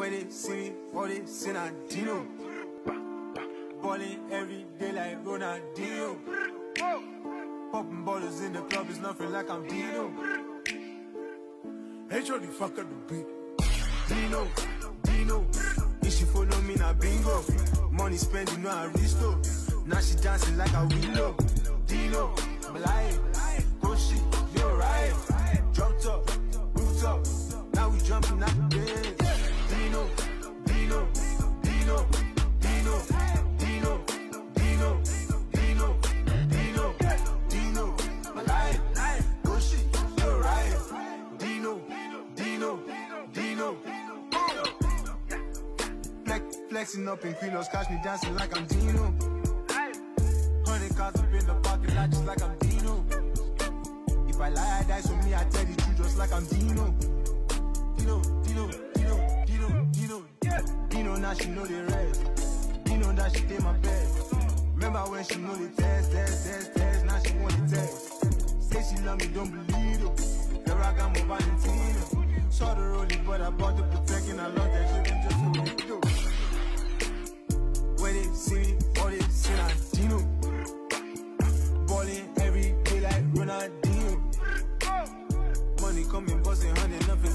When they see me, all they see Dino. Ballin' every day like Ronaldinho. Poppin' bottles in the club is nothing like I'm Dino. Hey, the fuck up the beat. Dino, Dino. If she follow me, na bingo. Money spent, you know I reach though. Now she dancing like a window. Dino, blind. Flexing up in kilos, catch me dancing like I'm Dino. Hundred cars up in the parking lot just like I'm Dino. If I lie, I die, so me, I tell the truth just like I'm Dino. Dino, Dino, Dino, Dino, Dino. Dino, now she know the rest. Dino, that she did my best. Remember when she know the test, test, test, test, now she want the test. Say she love me, don't believe it. Girl, I got my Valentino. Saw the rollie, but I bought the protection. coming buzzing, honey, nothing.